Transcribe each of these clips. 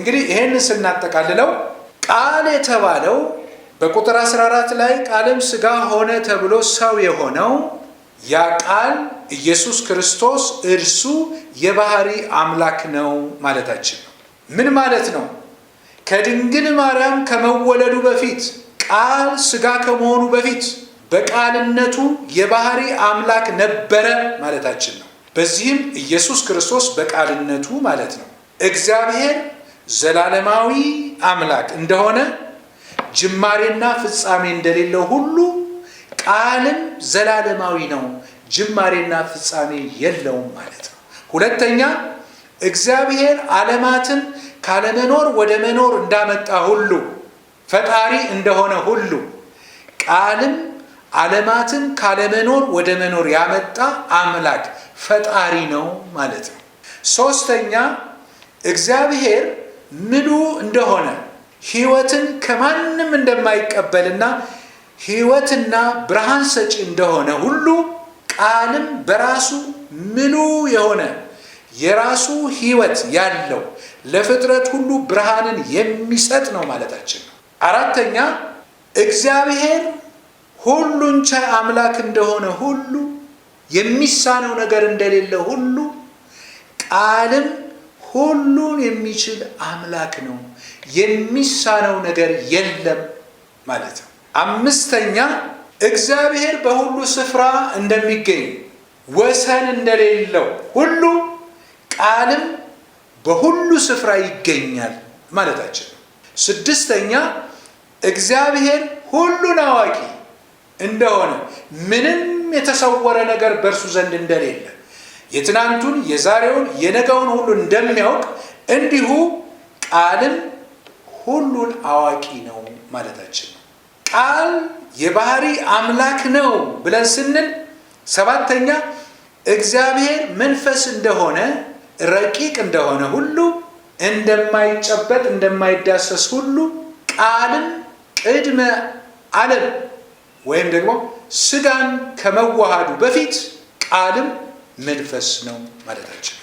እንግዲህ ይህን ስናጠቃልለው ቃል የተባለው በቁጥር 14 ላይ ቃልም ስጋ ሆነ ተብሎ ሰው የሆነው ያ ቃል ኢየሱስ ክርስቶስ እርሱ የባህሪ አምላክ ነው ማለታችን ነው። ምን ማለት ነው? ከድንግል ማርያም ከመወለዱ በፊት ቃል ስጋ ከመሆኑ በፊት በቃልነቱ የባህሪ አምላክ ነበረ ማለታችን ነው። በዚህም ኢየሱስ ክርስቶስ በቃልነቱ ማለት ነው እግዚአብሔር ዘላለማዊ አምላክ እንደሆነ ጅማሬና ፍጻሜ እንደሌለው ሁሉ ቃልም ዘላለማዊ ነው፣ ጅማሬና ፍጻሜ የለውም ማለት ነው። ሁለተኛ እግዚአብሔር ዓለማትን ካለመኖር ወደ መኖር እንዳመጣ ሁሉ ፈጣሪ እንደሆነ ሁሉ ቃልም ዓለማትን ካለመኖር ወደ መኖር ያመጣ አምላክ ፈጣሪ ነው ማለት ነው። ሶስተኛ እግዚአብሔር ምሉ እንደሆነ ህይወትን ከማንም እንደማይቀበልና ህይወትና ብርሃን ሰጪ እንደሆነ ሁሉ ቃልም በራሱ ምሉ የሆነ የራሱ ህይወት ያለው ለፍጥረት ሁሉ ብርሃንን የሚሰጥ ነው ማለታችን ነው። አራተኛ እግዚአብሔር ሁሉን ቻይ አምላክ እንደሆነ ሁሉ የሚሳነው ነገር እንደሌለ ሁሉ ቃልም ሁሉን የሚችል አምላክ ነው፣ የሚሳነው ነገር የለም ማለት ነው። አምስተኛ እግዚአብሔር በሁሉ ስፍራ እንደሚገኝ ወሰን እንደሌለው ሁሉ ቃልም በሁሉ ስፍራ ይገኛል ማለታችን ነው። ስድስተኛ እግዚአብሔር ሁሉን አዋቂ እንደሆነ ምንም የተሰወረ ነገር በእርሱ ዘንድ እንደሌለ የትናንቱን የዛሬውን የነገውን ሁሉ እንደሚያውቅ እንዲሁ ቃልም ሁሉን አዋቂ ነው ማለታችን ነው። ቃል የባህሪ አምላክ ነው ብለን ስንል ሰባተኛ እግዚአብሔር መንፈስ እንደሆነ ረቂቅ እንደሆነ ሁሉ እንደማይጨበጥ እንደማይዳሰስ ሁሉ ቃልም ቅድመ አለም ወይም ደግሞ ስጋን ከመዋሃዱ በፊት ቃልም መንፈስ ነው ማለት አይችልም።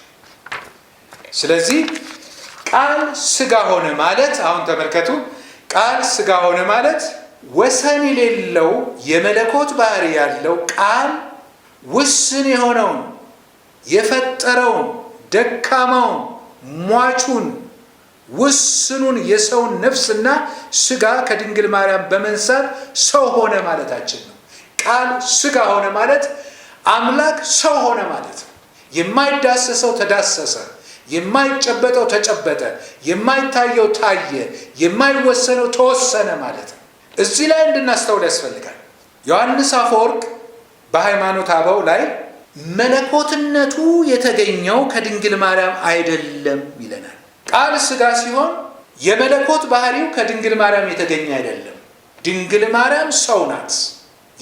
ስለዚህ ቃል ስጋ ሆነ ማለት አሁን ተመልከቱ፣ ቃል ስጋ ሆነ ማለት ወሰን የሌለው የመለኮት ባህሪ ያለው ቃል ውስን የሆነውን የፈጠረውን ደካማውን ሟቹን ውስኑን የሰውን ነፍስና ስጋ ከድንግል ማርያም በመንሳት ሰው ሆነ ማለታችን ነው። ቃል ስጋ ሆነ ማለት አምላክ ሰው ሆነ ማለት ነው። የማይዳሰሰው ተዳሰሰ፣ የማይጨበጠው ተጨበጠ፣ የማይታየው ታየ፣ የማይወሰነው ተወሰነ ማለት ነው። እዚህ ላይ እንድናስተውል ያስፈልጋል። ዮሐንስ አፈወርቅ በሃይማኖት አበው ላይ መለኮትነቱ የተገኘው ከድንግል ማርያም አይደለም ይለናል። ቃል ስጋ ሲሆን የመለኮት ባህሪው ከድንግል ማርያም የተገኘ አይደለም። ድንግል ማርያም ሰው ናት፣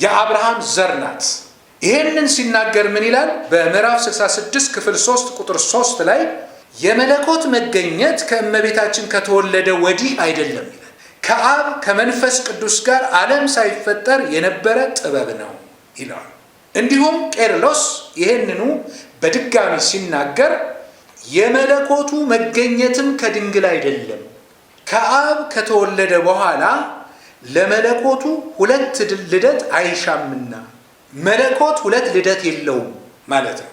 የአብርሃም ዘር ናት። ይህንን ሲናገር ምን ይላል? በምዕራፍ 66 ክፍል 3 ቁጥር 3 ላይ የመለኮት መገኘት ከእመቤታችን ከተወለደ ወዲህ አይደለም ይላል። ከአብ ከመንፈስ ቅዱስ ጋር ዓለም ሳይፈጠር የነበረ ጥበብ ነው ይላል። እንዲሁም ቄርሎስ ይህንኑ በድጋሚ ሲናገር የመለኮቱ መገኘትም ከድንግል አይደለም፣ ከአብ ከተወለደ በኋላ ለመለኮቱ ሁለት ልደት አይሻምና መለኮት ሁለት ልደት የለውም ማለት ነው።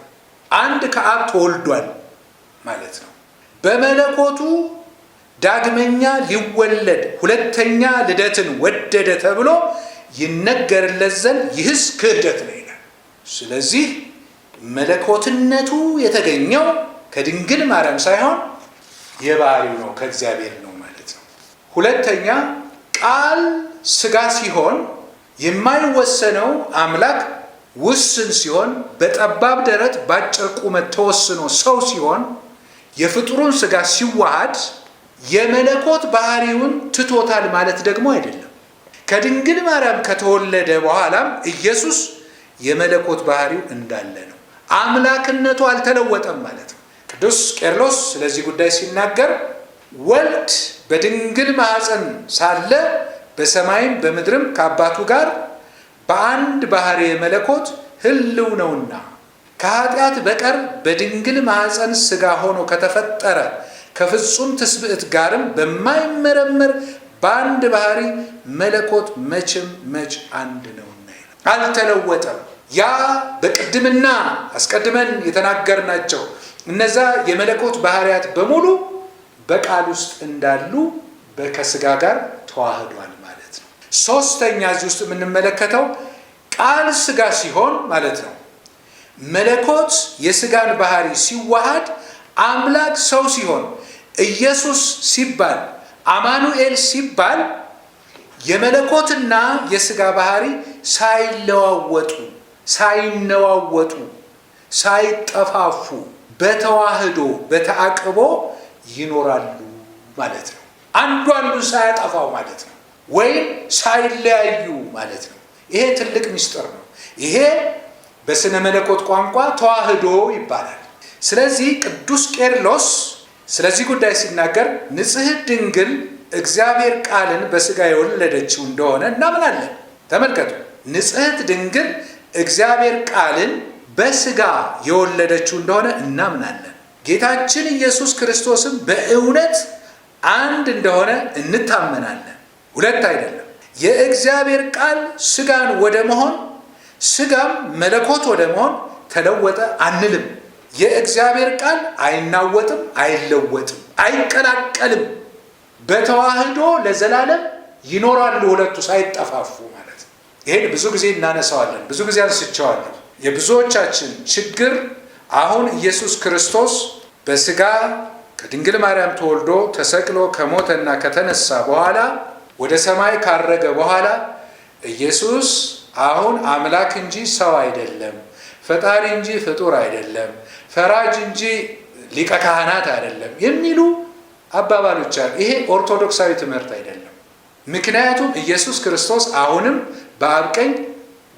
አንድ ከአብ ተወልዷል ማለት ነው። በመለኮቱ ዳግመኛ ሊወለድ ሁለተኛ ልደትን ወደደ ተብሎ ይነገርለት ዘንድ ይህስ ክህደት ነው ይላል። ስለዚህ መለኮትነቱ የተገኘው ከድንግል ማርያም ሳይሆን የባህሪው ነው፣ ከእግዚአብሔር ነው ማለት ነው። ሁለተኛ ቃል ስጋ ሲሆን የማይወሰነው አምላክ ውስን ሲሆን በጠባብ ደረት በአጭር ቁመት ተወስኖ ሰው ሲሆን የፍጡሩን ስጋ ሲዋሃድ የመለኮት ባህሪውን ትቶታል ማለት ደግሞ አይደለም። ከድንግል ማርያም ከተወለደ በኋላም ኢየሱስ የመለኮት ባህሪው እንዳለ ነው። አምላክነቱ አልተለወጠም ማለት ነው። ቅዱስ ቄርሎስ ስለዚህ ጉዳይ ሲናገር ወልድ በድንግል ማኅፀን ሳለ በሰማይም በምድርም ከአባቱ ጋር በአንድ ባህሪ መለኮት ህልው ነውና ከኃጢአት በቀር በድንግል ማዕፀን ሥጋ ሆኖ ከተፈጠረ ከፍጹም ትስብዕት ጋርም በማይመረመር በአንድ ባህሪ መለኮት መቼም መች አንድ ነውና አልተለወጠም። ያ በቅድምና አስቀድመን የተናገርናቸው እነዛ የመለኮት ባህሪያት በሙሉ በቃል ውስጥ እንዳሉ ከስጋ ጋር ተዋህዷል። ሶስተኛ እዚህ ውስጥ የምንመለከተው ቃል ስጋ ሲሆን ማለት ነው። መለኮት የስጋን ባህሪ ሲዋሃድ አምላክ ሰው ሲሆን ኢየሱስ ሲባል አማኑኤል ሲባል የመለኮትና የስጋ ባህሪ ሳይለዋወጡ ሳይነዋወጡ ሳይጠፋፉ በተዋህዶ በተአቅቦ ይኖራሉ ማለት ነው። አንዱ አንዱን ሳያጠፋው ማለት ነው። ወይም ሳይለያዩ ማለት ነው። ይሄ ትልቅ ምስጢር ነው። ይሄ በስነ መለኮት ቋንቋ ተዋህዶ ይባላል። ስለዚህ ቅዱስ ቄርሎስ ስለዚህ ጉዳይ ሲናገር ንጽሕት ድንግል እግዚአብሔር ቃልን በሥጋ የወለደችው እንደሆነ እናምናለን። ተመልከቱ፣ ንጽሕት ድንግል እግዚአብሔር ቃልን በሥጋ የወለደችው እንደሆነ እናምናለን። ጌታችን ኢየሱስ ክርስቶስም በእውነት አንድ እንደሆነ እንታመናለን። ሁለት አይደለም። የእግዚአብሔር ቃል ስጋን ወደ መሆን ስጋም መለኮት ወደ መሆን ተለወጠ አንልም። የእግዚአብሔር ቃል አይናወጥም፣ አይለወጥም፣ አይቀላቀልም። በተዋህዶ ለዘላለም ይኖራሉ ሁለቱ ሳይጠፋፉ ማለት ነው። ይህን ብዙ ጊዜ እናነሳዋለን፣ ብዙ ጊዜ አንስቸዋለን። የብዙዎቻችን ችግር አሁን ኢየሱስ ክርስቶስ በስጋ ከድንግል ማርያም ተወልዶ ተሰቅሎ ከሞተና ከተነሳ በኋላ ወደ ሰማይ ካረገ በኋላ ኢየሱስ አሁን አምላክ እንጂ ሰው አይደለም፣ ፈጣሪ እንጂ ፍጡር አይደለም፣ ፈራጅ እንጂ ሊቀ ካህናት አይደለም የሚሉ አባባሎች አሉ። ይሄ ኦርቶዶክሳዊ ትምህርት አይደለም። ምክንያቱም ኢየሱስ ክርስቶስ አሁንም በአብ ቀኝ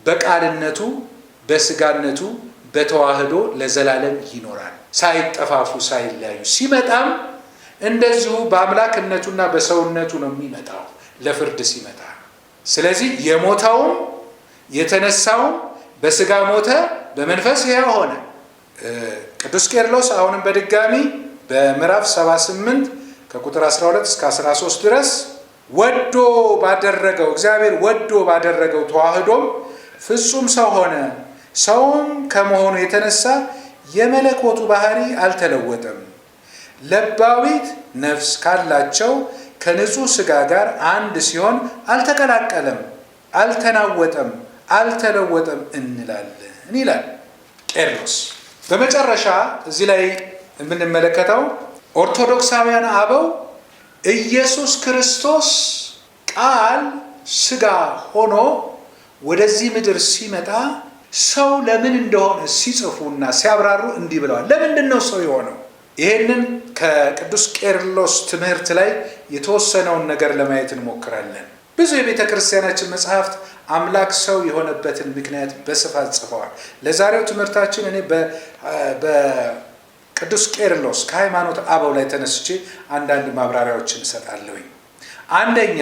በቃልነቱ በስጋነቱ በተዋህዶ ለዘላለም ይኖራል፣ ሳይጠፋፉ ሳይለያዩ። ሲመጣም እንደዚሁ በአምላክነቱና በሰውነቱ ነው የሚመጣው። ለፍርድ ሲመጣ። ስለዚህ የሞተውም የተነሳውም በስጋ ሞተ፣ በመንፈስ ሕያው ሆነ። ቅዱስ ቄርሎስ አሁንም በድጋሚ በምዕራፍ 78 ከቁጥር 12 እስከ 13 ድረስ ወዶ ባደረገው እግዚአብሔር ወዶ ባደረገው ተዋህዶም ፍጹም ሰው ሆነ። ሰውም ከመሆኑ የተነሳ የመለኮቱ ባህሪ አልተለወጠም። ለባዊት ነፍስ ካላቸው ከንጹሕ ስጋ ጋር አንድ ሲሆን አልተቀላቀለም፣ አልተናወጠም፣ አልተለወጠም እንላለን ይላል ቄርሎስ። በመጨረሻ እዚህ ላይ የምንመለከተው ኦርቶዶክሳውያን አበው ኢየሱስ ክርስቶስ ቃል ስጋ ሆኖ ወደዚህ ምድር ሲመጣ ሰው ለምን እንደሆነ ሲጽፉና ሲያብራሩ እንዲህ ብለዋል። ለምንድን ነው ሰው የሆነው? ይህንን ከቅዱስ ቄርሎስ ትምህርት ላይ የተወሰነውን ነገር ለማየት እንሞክራለን። ብዙ የቤተ ክርስቲያናችን መጽሐፍት አምላክ ሰው የሆነበትን ምክንያት በስፋት ጽፈዋል። ለዛሬው ትምህርታችን እኔ በቅዱስ ቄርሎስ ከሃይማኖት አበው ላይ ተነስቼ አንዳንድ ማብራሪያዎችን እሰጣለሁኝ። አንደኛ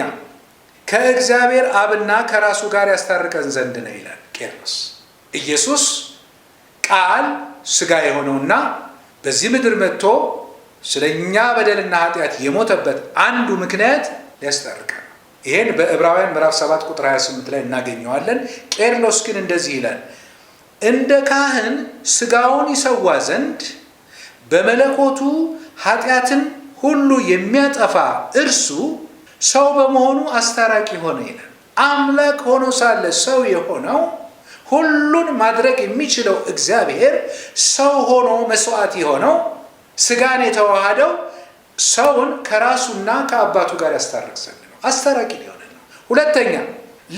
ከእግዚአብሔር አብና ከራሱ ጋር ያስታርቀን ዘንድ ነው ይላል ቄርሎስ። ኢየሱስ ቃል ስጋ የሆነውና በዚህ ምድር መጥቶ ስለ እኛ በደልና ኃጢአት የሞተበት አንዱ ምክንያት ሊያስጠርቀን ይህን በዕብራውያን ምዕራፍ 7 ቁጥር 28 ላይ እናገኘዋለን። ቄርሎስ ግን እንደዚህ ይላል፣ እንደ ካህን ስጋውን ይሰዋ ዘንድ በመለኮቱ ኃጢአትን ሁሉ የሚያጠፋ እርሱ ሰው በመሆኑ አስታራቂ ሆነ ይላል። አምላክ ሆኖ ሳለ ሰው የሆነው ሁሉን ማድረግ የሚችለው እግዚአብሔር ሰው ሆኖ መስዋዕት የሆነው ስጋን የተዋሃደው ሰውን ከራሱና ከአባቱ ጋር ያስታርቅ ዘንድ ነው። አስታራቂ ሊሆነ ነው። ሁለተኛ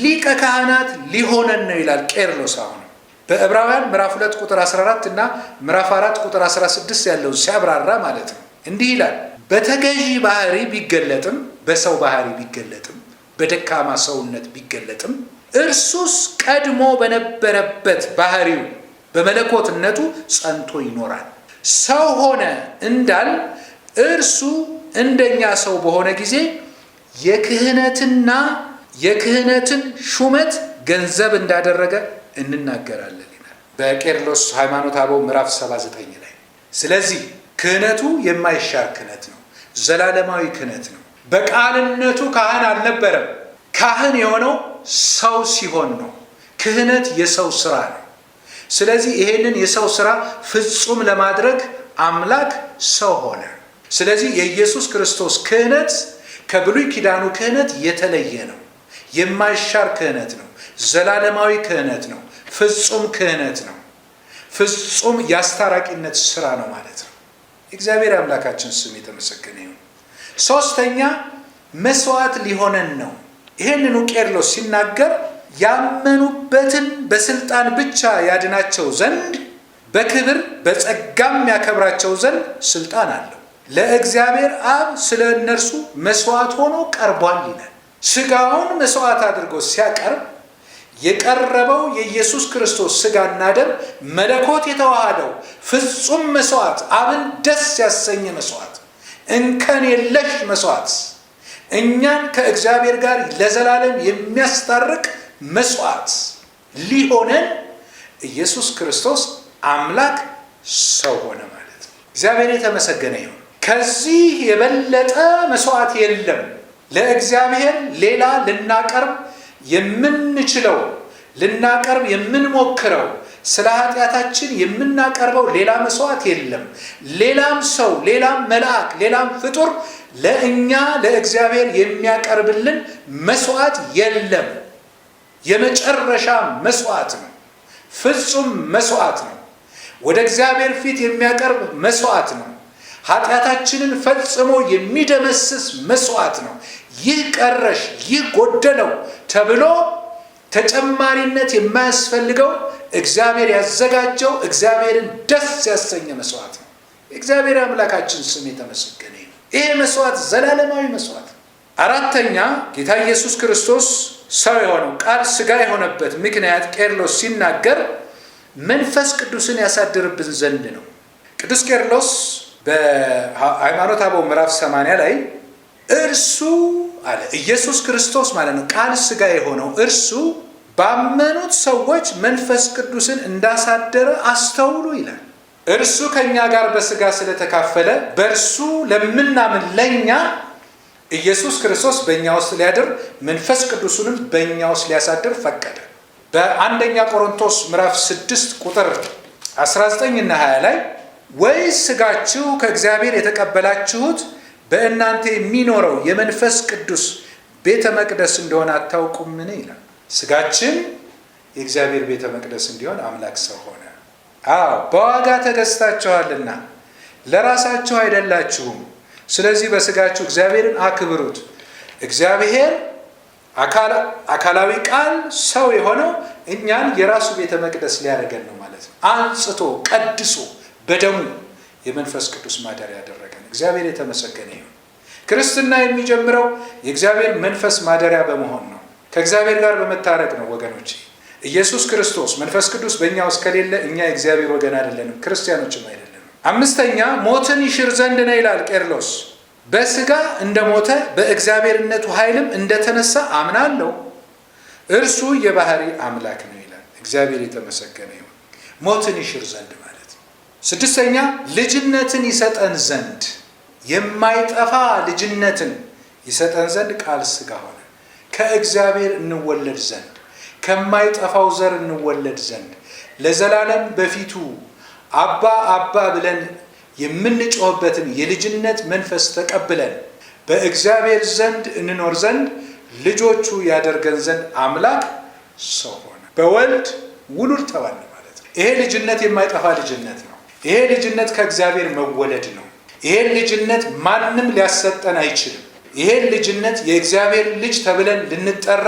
ሊቀ ካህናት ሊሆነን ነው ይላል ቄርሎስ። አሁን በዕብራውያን ምዕራፍ 2 ቁጥር 14 እና ምዕራፍ 4 ቁጥር 16 ያለውን ሲያብራራ ማለት ነው እንዲህ ይላል በተገዢ ባህሪ ቢገለጥም፣ በሰው ባህሪ ቢገለጥም፣ በደካማ ሰውነት ቢገለጥም እርሱስ ቀድሞ በነበረበት ባህሪው በመለኮትነቱ ጸንቶ ይኖራል። ሰው ሆነ እንዳል እርሱ እንደኛ ሰው በሆነ ጊዜ የክህነትና የክህነትን ሹመት ገንዘብ እንዳደረገ እንናገራለን ይላል በቄርሎስ ሃይማኖት አበው ምዕራፍ 79 ላይ። ስለዚህ ክህነቱ የማይሻር ክህነት ነው፣ ዘላለማዊ ክህነት ነው። በቃልነቱ ካህን አልነበረም። ካህን የሆነው ሰው ሲሆን ነው። ክህነት የሰው ስራ ነው። ስለዚህ ይሄንን የሰው ስራ ፍጹም ለማድረግ አምላክ ሰው ሆነ። ስለዚህ የኢየሱስ ክርስቶስ ክህነት ከብሉይ ኪዳኑ ክህነት የተለየ ነው። የማይሻር ክህነት ነው። ዘላለማዊ ክህነት ነው። ፍጹም ክህነት ነው። ፍጹም የአስታራቂነት ስራ ነው ማለት ነው። እግዚአብሔር አምላካችን ስም የተመሰገነ ይሁን። ሶስተኛ መስዋዕት ሊሆነን ነው። ይህንኑ ቄርሎስ ሲናገር ያመኑበትን በስልጣን ብቻ ያድናቸው ዘንድ በክብር በጸጋም ያከብራቸው ዘንድ ስልጣን አለው። ለእግዚአብሔር አብ ስለ እነርሱ መስዋዕት ሆኖ ቀርቧል ይላል። ስጋውን መስዋዕት አድርጎ ሲያቀርብ የቀረበው የኢየሱስ ክርስቶስ ስጋና ደም መለኮት የተዋሃደው ፍጹም መስዋዕት፣ አብን ደስ ያሰኘ መስዋዕት፣ እንከን የለሽ መስዋዕት እኛን ከእግዚአብሔር ጋር ለዘላለም የሚያስታርቅ መስዋዕት ሊሆነን ኢየሱስ ክርስቶስ አምላክ ሰው ሆነ ማለት ነው። እግዚአብሔር የተመሰገነ ይሁን። ከዚህ የበለጠ መስዋዕት የለም። ለእግዚአብሔር ሌላ ልናቀርብ የምንችለው ልናቀርብ የምንሞክረው ስለ ኃጢአታችን የምናቀርበው ሌላ መስዋዕት የለም። ሌላም ሰው፣ ሌላም መልአክ፣ ሌላም ፍጡር ለእኛ ለእግዚአብሔር የሚያቀርብልን መስዋዕት የለም። የመጨረሻ መስዋዕት ነው። ፍጹም መስዋዕት ነው። ወደ እግዚአብሔር ፊት የሚያቀርብ መስዋዕት ነው። ኃጢአታችንን ፈጽሞ የሚደመስስ መስዋዕት ነው። ይህ ቀረሽ፣ ይህ ጎደለው ተብሎ ተጨማሪነት የማያስፈልገው እግዚአብሔር ያዘጋጀው እግዚአብሔርን ደስ ያሰኘ መስዋዕት ነው። እግዚአብሔር አምላካችን ስም የተመሰገነ ይሄ መስዋዕት ዘላለማዊ መስዋዕት። አራተኛ ጌታ ኢየሱስ ክርስቶስ ሰው የሆነው ቃል ስጋ የሆነበት ምክንያት ቄርሎስ ሲናገር መንፈስ ቅዱስን ያሳድርብን ዘንድ ነው። ቅዱስ ቄርሎስ በሃይማኖት አበው ምዕራፍ 80 ላይ እርሱ አለ ኢየሱስ ክርስቶስ ማለት ነው ቃል ስጋ የሆነው እርሱ ባመኑት ሰዎች መንፈስ ቅዱስን እንዳሳደረ አስተውሉ ይላል። እርሱ ከእኛ ጋር በስጋ ስለተካፈለ በእርሱ ለምናምን ለእኛ ኢየሱስ ክርስቶስ በእኛ ውስጥ ሊያድር መንፈስ ቅዱሱንም በእኛ ውስጥ ሊያሳድር ፈቀደ። በአንደኛ ቆሮንቶስ ምዕራፍ 6 ቁጥር 19 እና 20 ላይ ወይስ ስጋችሁ ከእግዚአብሔር የተቀበላችሁት በእናንተ የሚኖረው የመንፈስ ቅዱስ ቤተ መቅደስ እንደሆነ አታውቁምን? ይላል። ስጋችን የእግዚአብሔር ቤተ መቅደስ እንዲሆን አምላክ ሰው ሆነ። አዎ በዋጋ ተገዝታችኋልና ለራሳችሁ አይደላችሁም። ስለዚህ በስጋችሁ እግዚአብሔርን አክብሩት። እግዚአብሔር አካላዊ ቃል ሰው የሆነው እኛን የራሱ ቤተ መቅደስ ሊያደርገን ነው ማለት ነው። አንጽቶ ቀድሶ በደሙ የመንፈስ ቅዱስ ማደሪያ ያደረገን እግዚአብሔር የተመሰገነ ይሁን። ክርስትና የሚጀምረው የእግዚአብሔር መንፈስ ማደሪያ በመሆን ነው። ከእግዚአብሔር ጋር በመታረቅ ነው ወገኖች። ኢየሱስ ክርስቶስ መንፈስ ቅዱስ በእኛ ውስጥ ከሌለ እኛ የእግዚአብሔር ወገን አይደለንም፣ ክርስቲያኖችም አይደለንም። አምስተኛ ሞትን ይሽር ዘንድ ነው ይላል ቄርሎስ። በስጋ እንደሞተ በእግዚአብሔርነቱ ኃይልም እንደተነሳ አምናለሁ። እርሱ የባህሪ አምላክ ነው ይላል። እግዚአብሔር የተመሰገነ ይሁን። ሞትን ይሽር ዘንድ ማለት ነው። ስድስተኛ ልጅነትን ይሰጠን ዘንድ የማይጠፋ ልጅነትን ይሰጠን ዘንድ ቃል ስጋ ሆነ፣ ከእግዚአብሔር እንወለድ ዘንድ ከማይጠፋው ዘር እንወለድ ዘንድ ለዘላለም በፊቱ አባ አባ ብለን የምንጮህበትን የልጅነት መንፈስ ተቀብለን በእግዚአብሔር ዘንድ እንኖር ዘንድ ልጆቹ ያደርገን ዘንድ አምላክ ሰው ሆነ። በወልድ ውሉድ ተባለ ማለት ነው። ይሄ ልጅነት የማይጠፋ ልጅነት ነው። ይሄ ልጅነት ከእግዚአብሔር መወለድ ነው። ይሄን ልጅነት ማንም ሊያሰጠን አይችልም። ይሄን ልጅነት የእግዚአብሔር ልጅ ተብለን ልንጠራ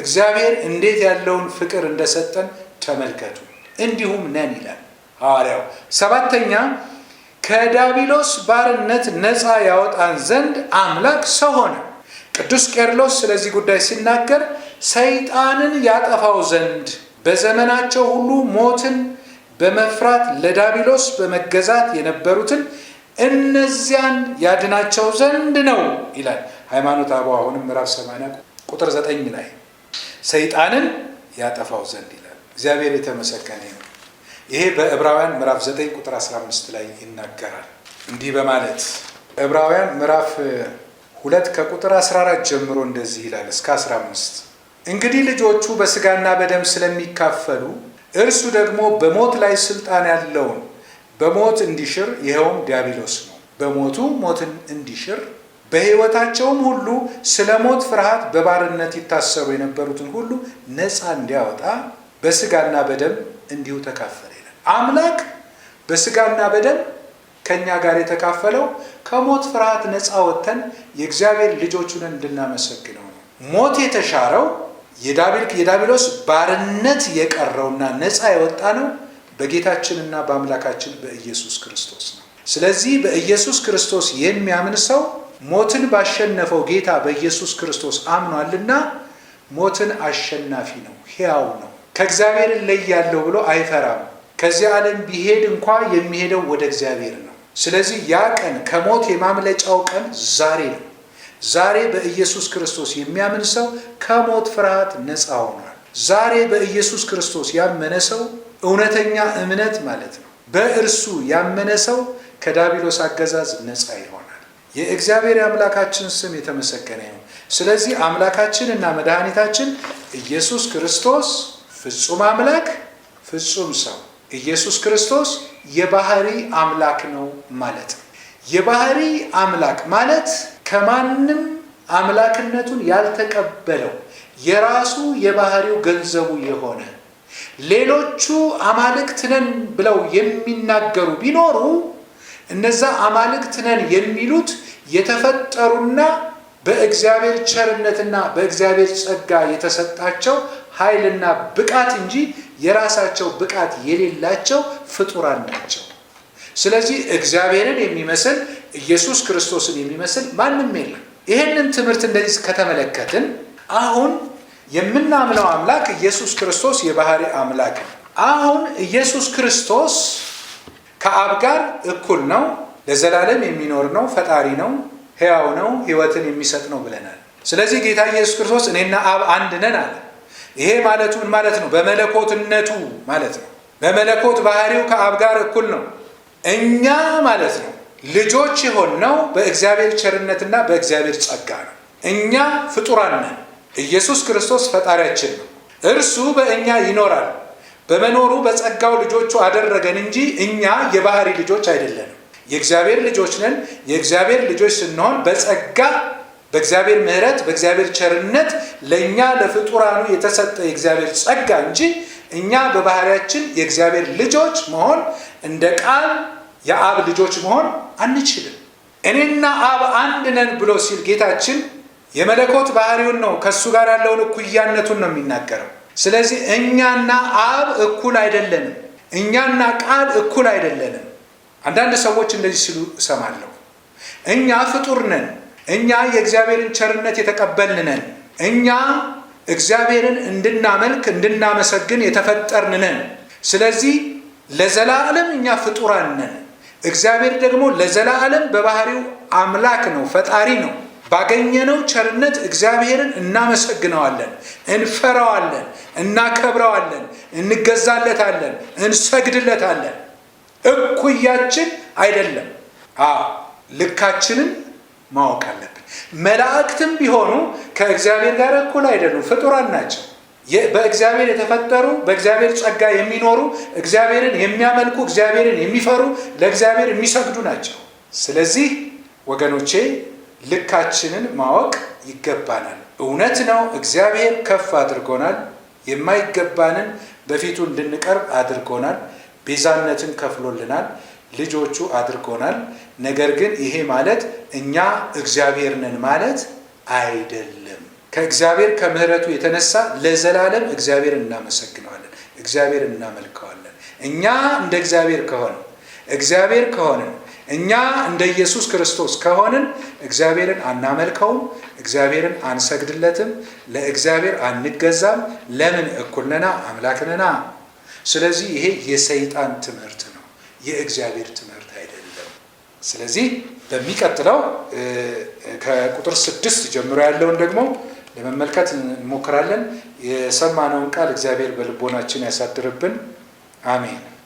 እግዚአብሔር እንዴት ያለውን ፍቅር እንደሰጠን ተመልከቱ። እንዲሁም ነን ይላል ሐዋርያው። ሰባተኛ ከዳቢሎስ ባርነት ነፃ ያወጣን ዘንድ አምላክ ሰው ሆነ። ቅዱስ ቄርሎስ ስለዚህ ጉዳይ ሲናገር ሰይጣንን ያጠፋው ዘንድ በዘመናቸው ሁሉ ሞትን በመፍራት ለዳቢሎስ በመገዛት የነበሩትን እነዚያን ያድናቸው ዘንድ ነው ይላል ሃይማኖት አበው አሁንም ምዕራፍ 8 ቁጥር 9 ላይ ሰይጣንን ያጠፋው ዘንድ ይላል። እግዚአብሔር የተመሰገነ ነው። ይሄ በዕብራውያን ምዕራፍ 9 ቁጥር 15 ላይ ይናገራል እንዲህ በማለት ዕብራውያን ምዕራፍ ሁለት ከቁጥር 14 ጀምሮ እንደዚህ ይላል እስከ 15 እንግዲህ ልጆቹ በስጋና በደም ስለሚካፈሉ እርሱ ደግሞ በሞት ላይ ስልጣን ያለውን በሞት እንዲሽር ይኸውም ዲያብሎስ ነው። በሞቱ ሞትን እንዲሽር በሕይወታቸውም ሁሉ ስለ ሞት ፍርሃት በባርነት ይታሰሩ የነበሩትን ሁሉ ነፃ እንዲያወጣ በስጋና በደም እንዲሁ ተካፈለ ይላል። አምላክ በስጋና በደም ከእኛ ጋር የተካፈለው ከሞት ፍርሃት ነፃ ወጥተን የእግዚአብሔር ልጆቹን እንድናመሰግነው ነው። ሞት የተሻረው የዳቢሎስ ባርነት የቀረውና ነፃ የወጣ ነው በጌታችንና በአምላካችን በኢየሱስ ክርስቶስ ነው። ስለዚህ በኢየሱስ ክርስቶስ የሚያምን ሰው ሞትን ባሸነፈው ጌታ በኢየሱስ ክርስቶስ አምኗልና ሞትን አሸናፊ ነው፣ ሕያው ነው። ከእግዚአብሔር እለያለሁ ብሎ አይፈራም። ከዚህ ዓለም ቢሄድ እንኳ የሚሄደው ወደ እግዚአብሔር ነው። ስለዚህ ያ ቀን ከሞት የማምለጫው ቀን ዛሬ ነው። ዛሬ በኢየሱስ ክርስቶስ የሚያምን ሰው ከሞት ፍርሃት ነፃ ሆኗል። ዛሬ በኢየሱስ ክርስቶስ ያመነ ሰው እውነተኛ እምነት ማለት ነው። በእርሱ ያመነ ሰው ከዳቢሎስ አገዛዝ ነፃ ይሆናል። የእግዚአብሔር የአምላካችን ስም የተመሰገነ ነው። ስለዚህ አምላካችን እና መድኃኒታችን ኢየሱስ ክርስቶስ ፍጹም አምላክ፣ ፍጹም ሰው፣ ኢየሱስ ክርስቶስ የባህሪ አምላክ ነው ማለት ነው። የባህሪ አምላክ ማለት ከማንም አምላክነቱን ያልተቀበለው የራሱ የባህሪው ገንዘቡ የሆነ ሌሎቹ አማልክት ነን ብለው የሚናገሩ ቢኖሩ እነዛ አማልክት ነን የሚሉት የተፈጠሩና በእግዚአብሔር ቸርነትና በእግዚአብሔር ጸጋ የተሰጣቸው ኃይልና ብቃት እንጂ የራሳቸው ብቃት የሌላቸው ፍጡራን ናቸው። ስለዚህ እግዚአብሔርን የሚመስል ኢየሱስ ክርስቶስን የሚመስል ማንም የለም። ይህንን ትምህርት እንደዚህ ከተመለከትን አሁን የምናምነው አምላክ ኢየሱስ ክርስቶስ የባህሪ አምላክ ነው። አሁን ኢየሱስ ክርስቶስ ከአብ ጋር እኩል ነው፣ ለዘላለም የሚኖር ነው፣ ፈጣሪ ነው፣ ሕያው ነው፣ ሕይወትን የሚሰጥ ነው ብለናል። ስለዚህ ጌታ ኢየሱስ ክርስቶስ እኔና አብ አንድ ነን አለ። ይሄ ማለቱ ምን ማለት ነው? በመለኮትነቱ ማለት ነው። በመለኮት ባህሪው ከአብ ጋር እኩል ነው። እኛ ማለት ነው ልጆች የሆንነው በእግዚአብሔር ቸርነትና በእግዚአብሔር ጸጋ ነው። እኛ ፍጡራን ነን። ኢየሱስ ክርስቶስ ፈጣሪያችን ነው። እርሱ በእኛ ይኖራል፣ በመኖሩ በጸጋው ልጆቹ አደረገን እንጂ እኛ የባህሪ ልጆች አይደለንም። የእግዚአብሔር ልጆች ነን። የእግዚአብሔር ልጆች ስንሆን በጸጋ በእግዚአብሔር ምሕረት በእግዚአብሔር ቸርነት ለእኛ ለፍጡራኑ የተሰጠ የእግዚአብሔር ጸጋ እንጂ እኛ በባህሪያችን የእግዚአብሔር ልጆች መሆን እንደ ቃል የአብ ልጆች መሆን አንችልም። እኔና አብ አንድ ነን ብሎ ሲል ጌታችን የመለኮት ባህሪውን ነው ከእሱ ጋር ያለውን እኩያነቱን ነው የሚናገረው። ስለዚህ እኛና አብ እኩል አይደለንም፣ እኛና ቃል እኩል አይደለንም። አንዳንድ ሰዎች እንደዚህ ሲሉ እሰማለሁ። እኛ ፍጡር ነን፣ እኛ የእግዚአብሔርን ቸርነት የተቀበልን ነን፣ እኛ እግዚአብሔርን እንድናመልክ እንድናመሰግን የተፈጠርን ነን። ስለዚህ ለዘላለም እኛ ፍጡራን ነን፣ እግዚአብሔር ደግሞ ለዘላለም በባህሪው አምላክ ነው፣ ፈጣሪ ነው። ባገኘነው ቸርነት እግዚአብሔርን እናመሰግነዋለን፣ እንፈራዋለን፣ እናከብረዋለን፣ እንገዛለታለን፣ እንሰግድለታለን። እኩያችን አይደለም። አዎ ልካችንን ማወቅ አለብን። መላእክትም ቢሆኑ ከእግዚአብሔር ጋር እኩል አይደሉም፣ ፍጡራን ናቸው። በእግዚአብሔር የተፈጠሩ በእግዚአብሔር ጸጋ የሚኖሩ እግዚአብሔርን የሚያመልኩ እግዚአብሔርን የሚፈሩ ለእግዚአብሔር የሚሰግዱ ናቸው። ስለዚህ ወገኖቼ ልካችንን ማወቅ ይገባናል። እውነት ነው፣ እግዚአብሔር ከፍ አድርጎናል። የማይገባንን በፊቱ እንድንቀርብ አድርጎናል። ቤዛነትን ከፍሎልናል። ልጆቹ አድርጎናል። ነገር ግን ይሄ ማለት እኛ እግዚአብሔር ነን ማለት አይደለም። ከእግዚአብሔር ከምሕረቱ የተነሳ ለዘላለም እግዚአብሔር እናመሰግነዋለን፣ እግዚአብሔር እናመልከዋለን። እኛ እንደ እግዚአብሔር ከሆነ እግዚአብሔር ከሆነ እኛ እንደ ኢየሱስ ክርስቶስ ከሆንን እግዚአብሔርን አናመልከውም፣ እግዚአብሔርን አንሰግድለትም፣ ለእግዚአብሔር አንገዛም። ለምን? እኩልነና አምላክነና። ስለዚህ ይሄ የሰይጣን ትምህርት ነው፣ የእግዚአብሔር ትምህርት አይደለም። ስለዚህ በሚቀጥለው ከቁጥር ስድስት ጀምሮ ያለውን ደግሞ ለመመልከት እንሞክራለን። የሰማነውን ቃል እግዚአብሔር በልቦናችን ያሳድርብን። አሜን።